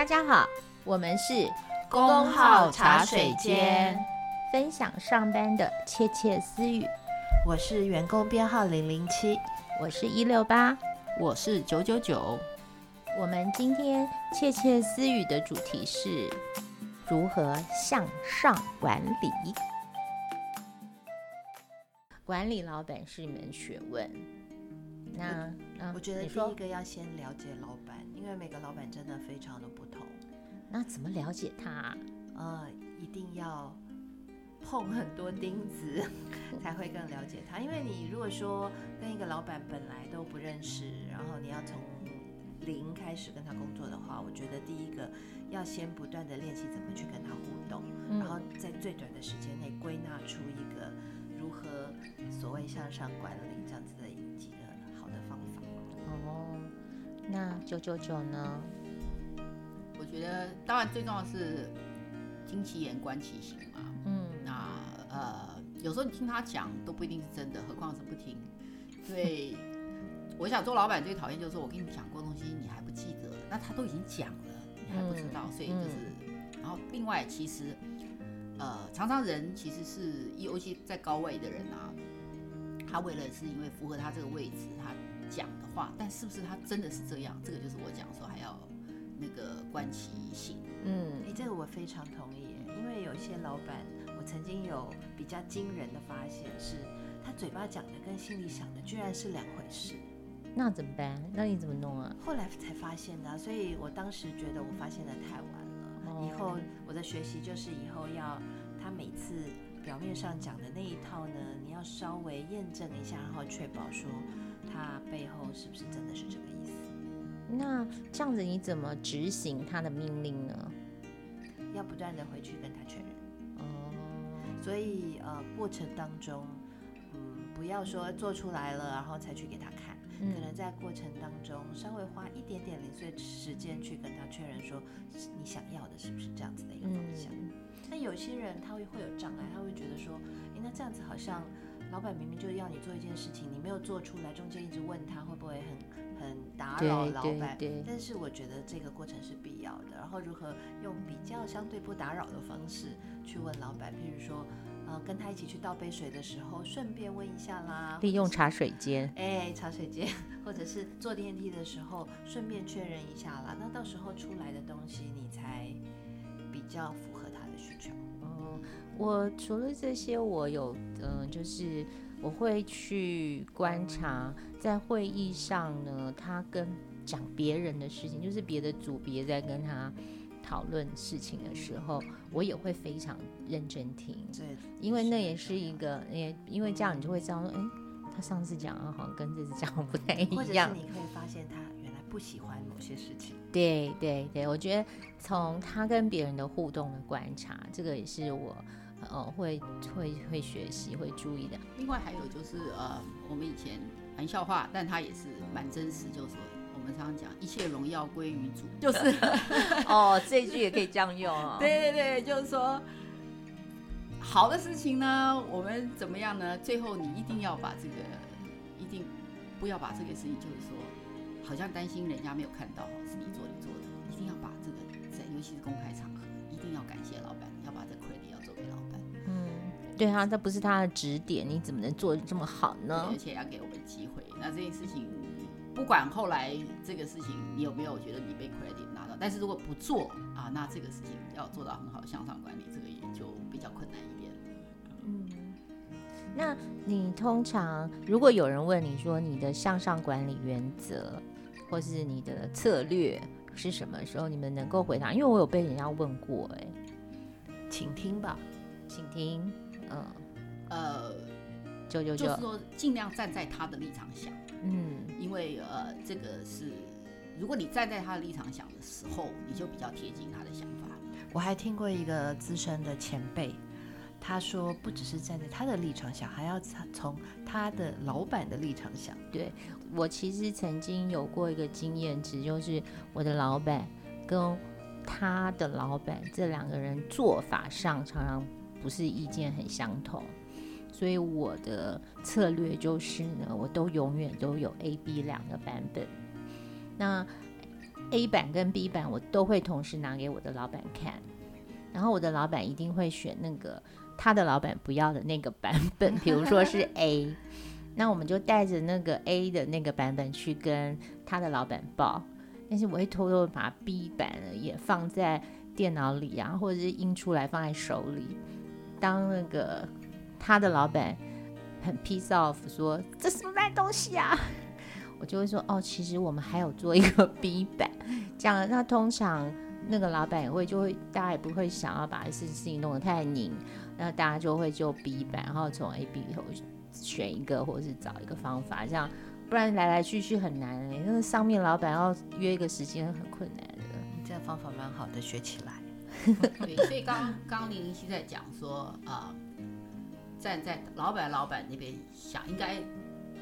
大家好，我們是工號茶水間，分享上班的竊竊私語。我是員工編號零零七，我是一六八，我是九九九。我們今天竊竊私語的主題是如何向上管理。管理老闆是一門學問。那我、呃、我覺得你說第一個要先了解老闆，因為每個老闆真的非常的不。那怎麼了解他啊？呃，一定要碰很多釘子，才會更了解他。因為你如果說跟一個老闆本來都不認識，然後你要從零開始跟他工作的話，我覺得第一個要先不斷地練習怎麼去跟他互動，嗯，然後在最短的時間內歸納出一個如何所謂向上管理這樣子的幾個好的方法。哦哦，那九九九呢？我覺得當然最重要的是聽其言觀其行嘛。嗯，那呃有時候你聽他講都不一定是真的，何況是不聽。所以，我想做老闆最討厭就是說我跟你講過東西你還不記得，那他都已經講了，你還不知道、嗯，所以就是。然後另外其實呃常常人其實是，尤其在高位的人啊，他為了是因為符合他這個位置他講的話，但是不是他真的是這樣？這個就是我講說還要。那個觀其行，嗯，哎、欸，這個我非常同意，因為有一些老闆，我曾經有比較驚人的發現是，是他嘴巴講的跟心裡想的居然是兩回事。那怎麼辦？那你怎麼弄啊？後來才發現的、啊，所以我當時覺得我發現的太晚了。以後，以後、嗯、我的學習就是以後要，他每次表面上講的那一套呢，你要稍微驗證一下，然後確保說他背後是不是真的是這個意思。那這樣子你怎麼執行他的命令呢？要不斷的回去跟他確認、嗯。所以呃，過程當中，嗯，不要說做出來了然後才去給他看、嗯，可能在過程當中稍微花一點點零碎時間去跟他確認說，你想要的是不是這樣子的一個方向。那、嗯、有些人他會會有障礙，他會覺得說，誒、欸，那這樣子好像老闆明明就要你做一件事情，你沒有做出來，中間一直問他會不會很？很打擾老闆，但是我覺得這個過程是必要的。然後如何用比較相對不打擾的方式去問老闆？譬如說，呃，跟他一起去倒杯水的時候，順便問一下啦。利用茶水間。哎，茶水間，或者是坐電梯的時候，順便確認一下啦。那到時候出來的東西，你才比較符合他的需求。嗯，我除了這些，我有嗯，呃，就是。我會去觀察，在會議上呢、嗯，他跟講別人的事情，就是別的組別在跟他討論事情的時候，嗯、我也會非常認真聽。對、嗯，因為那也是一個、嗯，因為這樣你就會知道說，哎、嗯欸，他上次講好像跟這次講的不太一樣。或者是你可以發現他原來不喜歡某些事情。對對對，我覺得從他跟別人的互動的觀察，這個也是我。哦，會會會學習，會注意的。另外還有就是，呃，我們以前玩笑話，但他也是蠻真實，就是說我們常常講“一切榮耀歸於主”，就是 哦，這一句也可以這樣用、哦、 對對對，就是說，好的事情呢，我們怎麼樣呢？最後你一定要把這個，一定不要把這個事情，就是說，好像擔心人家沒有看到是你做你做的，一定要把這個，在尤其是公開場合，一定要感謝老板。對啊，這不是他的指點，你怎麼能做得這麼好呢？而且要給我們機會。那這件事情，不管後來這個事情你有沒有覺得你被 credit 拿到，但是如果不做啊，那這個事情要做到很好的向上管理，這個也就比較困難一點了。嗯，那你通常如果有人問你說你的向上管理原則或是你的策略是什麼時候，你們能夠回答？因為我有被人家問過、欸，哎，請聽吧，請聽。嗯，呃，就就，就、呃，就是說盡量站在他的立場想，嗯，因為呃，這個是，如果你站在他的立場想的時候，你就比較貼近他的想法。我還聽過一個資深的前輩，他說不只是站在他的立場想，還要從他的老板的立場想。對，我其實曾經有過一個經驗值，就是我的老板跟他的老板這兩個人做法上常常，不是意見很相同，所以我的策略就是呢，我都永遠都有 A、B 兩個版本。那 A 版跟 B 版我都會同時拿給我的老板看，然後我的老板一定會選那個他的老板不要的那個版本，比如說是 A， 那我們就帶着那個 A 的那個版本去跟他的老板報，但是我會偷偷把 B 版也放在電腦裡啊，或者是印出來放在手裡。當那個他的老板很 pissed off 說，這是什麼東西啊？我就會說，哦，其實我們還有做一個 B 版，這樣。那通常那個老板也會就會，大家也不會想要把一件事情弄得太擰，那大家就會就 B 版，然後從 A、B 以後選一個，或者是找一個方法，這樣，不然來來去去很難欸。因為上面老板要約一個時間很困難的。你這個方法蠻好的，學起來。 對，所以剛剛零零七在講說啊、呃，站在老闆老闆那邊想應，應該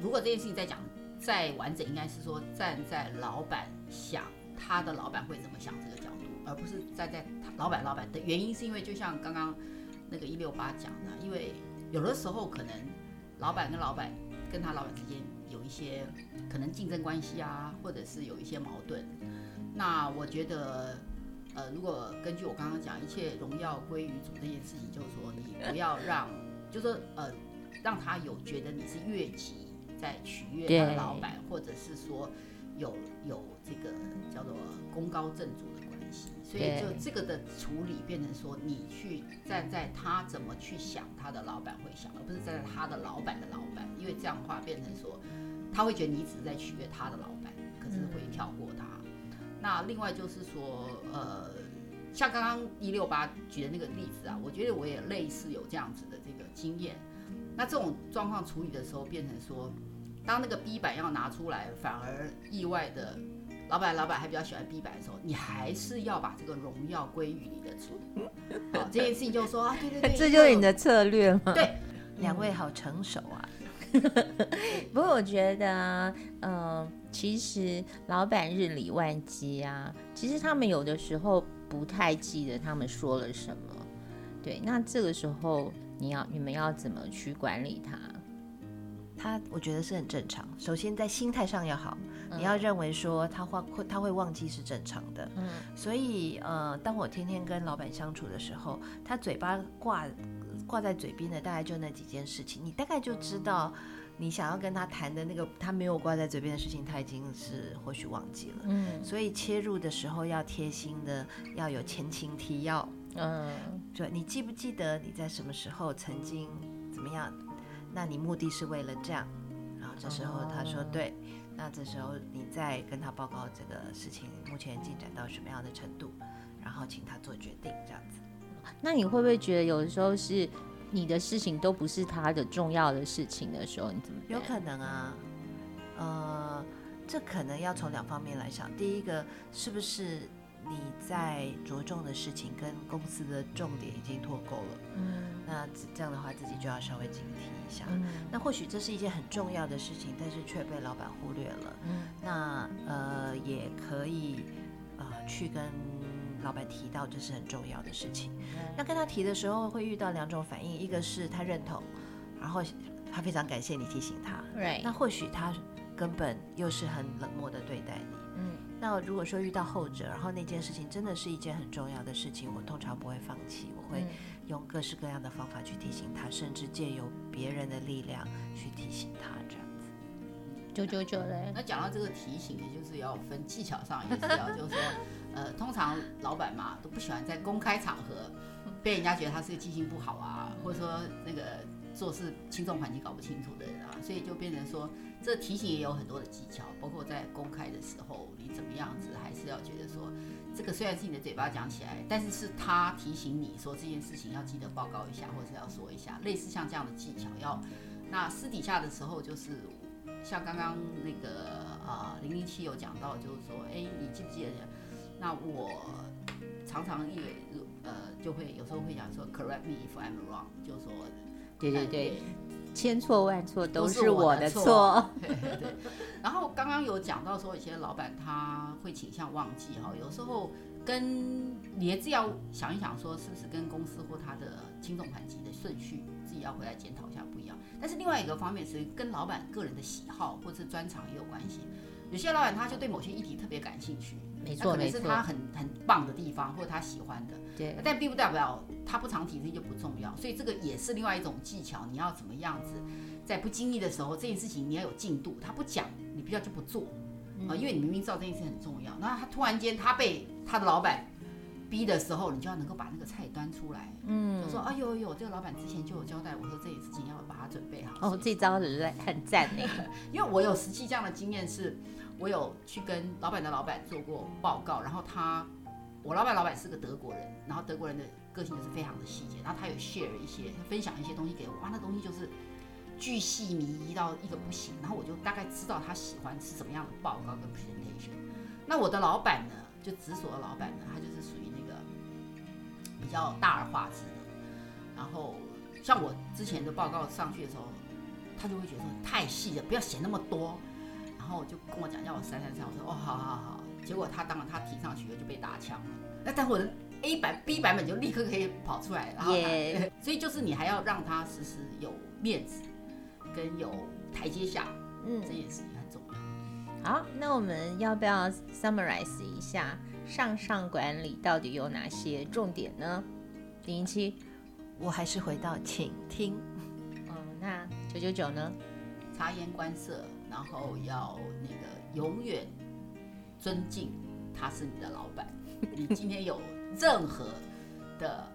如果這件事情再講再完整，應該是說站在老闆想他的老闆會怎麼想這個角度，而不是站在他老闆老闆的原因，是因為就像剛剛那個一六八講的，因為有的時候可能老闆跟老闆跟他老闆之間有一些可能競爭關係啊，或者是有一些矛盾，那我覺得。呃，如果根據我剛剛講，一切榮耀歸於主這件事情，就是說你不要讓，就是說呃，讓他有覺得你是越級在取悅他的老闆，或者是說有有這個叫做功高震主的關係，所以就這個的處理變成說，你去站在他怎麼去想他的老闆會想，而不是站在他的老闆的老闆，因為這樣的話變成說，他會覺得你只是在取悅他的老闆，可是會跳過他。嗯那另外就是說，呃，像剛剛一六八舉的那個例子啊，我覺得我也類似有這樣子的這個經驗。那這種狀況處理的時候，變成說，當那個 B 版要拿出來，反而意外的，老闆老闆還比較喜歡 B 版的時候，你還是要把這個榮耀歸於你的處理好、 哦，這件事情就說啊，對對對， 這就是你的策略對、嗯，兩位好成熟啊。 不過我覺得、啊，嗯、呃，其實老闆日理萬機啊，其實他們有的時候不太記得他們說了什麼。對，那這個時候你要你們要怎麼去管理他？他我覺得是很正常。首先在心態上要好，嗯、你要認為說他會他會忘記是正常的。嗯，所以呃，當我天天跟老闆相處的時候，他嘴巴掛。掛在嘴邊的大概就那幾件事情，你大概就知道你想要跟他談的那個他沒有掛在嘴邊的事情，他已經是或許忘記了。嗯，所以切入的時候要貼心的，要有前情提要。嗯，就你記不記得你在什麼時候曾經怎麼樣？那你目的是為了這樣，然後這時候他說對。嗯，那這時候你再跟他報告這個事情目前進展到什麼樣的程度，然後請他做決定，這樣子。那你會不會覺得有的時候是你的事情都不是他的重要的事情的時候，你怎麼有可能啊，呃，這可能要從兩方面來想。第一個是不是你在着重的事情跟公司的重點已經脫鈎了？嗯，那這樣的話自己就要稍微警惕一下。嗯。那或許這是一件很重要的事情，但是卻被老板忽略了。嗯。那，呃，也可以。去跟老板提到這是很重要的事情。嗯。那跟他提的時候會遇到兩種反應，一個是他認同，然後他非常感謝你提醒他。對。那或許他根本又是很冷漠的對待你。嗯。那如果說遇到後者，然後那件事情真的是一件很重要的事情，我通常不會放棄，我會用各式各樣的方法去提醒他，甚至借由別人的力量去提醒他，這樣子。就就就。那講到這個提醒，也就是要分技巧上也是要，就是說。呃，通常老闆嘛都不喜歡在公開場合被人家覺得他是個記性不好啊，或者說那個做事輕重緩急搞不清楚的人啊，所以就變成說，這提醒也有很多的技巧，包括在公開的時候你怎麼樣子，還是要覺得說，這個雖然是你的嘴巴講起來，但是是他提醒你說這件事情要記得報告一下，或者是要說一下，類似像這樣的技巧要。那私底下的時候就是，像剛剛那個啊零零七有講到，就是說，哎，你記不記得？那我常常也呃，就會有時候會想說，correct me if I'm wrong，就說，對對對，千錯萬錯都是我的錯。的錯對,對,對。 然後剛剛有講到說，有些老板他會傾向忘記哈，有時候跟你只要想一想說，說是不是跟公司或他的輕重緩急的順序，自己要回來檢討一下不一樣。但是另外一個方面是跟老板個人的喜好或是專長也有關係。有些老闆他就對某些議題特別感興趣，沒錯，啊、可能是他很很棒的地方，或者他喜歡的，對。但並不代表他不常提這就不重要，所以這個也是另外一種技巧。你要怎麼樣子，在不經意的時候，這件事情你要有進度。他不講，你不要就不做啊、嗯呃，因為你明明知道這件事很重要，那他突然間他被他的老闆。逼的時候，你就要能夠把那個菜端出來。嗯，他說：“哎呦呦，這個老闆之前就有交代，我說這件事情要把它準備好。”哦，這招很讚呢。 因為我有實際這樣的經驗，是我有去跟老闆的老闆做過報告，然後他，我老闆老闆是個德國人，然後德國人的個性就是非常的細節，然後他有 share 一些他分享一些東西給我，哇，那東西就是巨細靡遺到一個不行。然後我就大概知道他喜歡吃什麼樣的報告跟 presentation。那我的老闆呢，就直屬的老闆呢，他就是屬於那。比較大而化之，然後像我之前的報告上去的時候，他就會覺得說太細了，不要寫那麼多。然後就跟我講要我刪刪刪，我說哦，好好好。結果他當然他提上去就被打槍了。那但我的 A 版 B 版本就立刻可以跑出來。耶。Yeah. 所以就是你還要讓他時時有面子，跟有台階下，嗯，這也是很重要。好，那我們要不要 summarize 一下？向上管理到底有哪些重點呢？第一期我還是回到傾聽。 嗯，那九九九呢？察言觀色，然後要那個永遠尊敬他是你的老闆。 你今天有任何的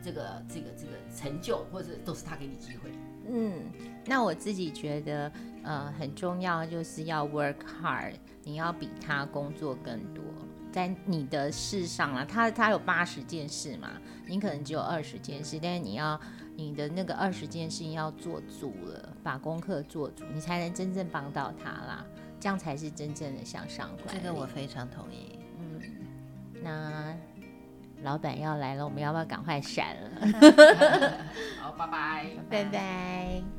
這個這個這個成就，或者是都是他給你機會。嗯，那我自己覺得，呃，很重要就是要 work hard，你要比他工作更多。在你的事上啦，他他有八十件事嘛，你可能只有二十件事，但是你要你的那個二十件事情要做足了，把功課做足，你才能真正幫到他啦，這樣才是真正的向上管理。這個我非常同意。嗯，那老闆要來了，我們要不要趕快閃了？ 好，拜拜，拜拜。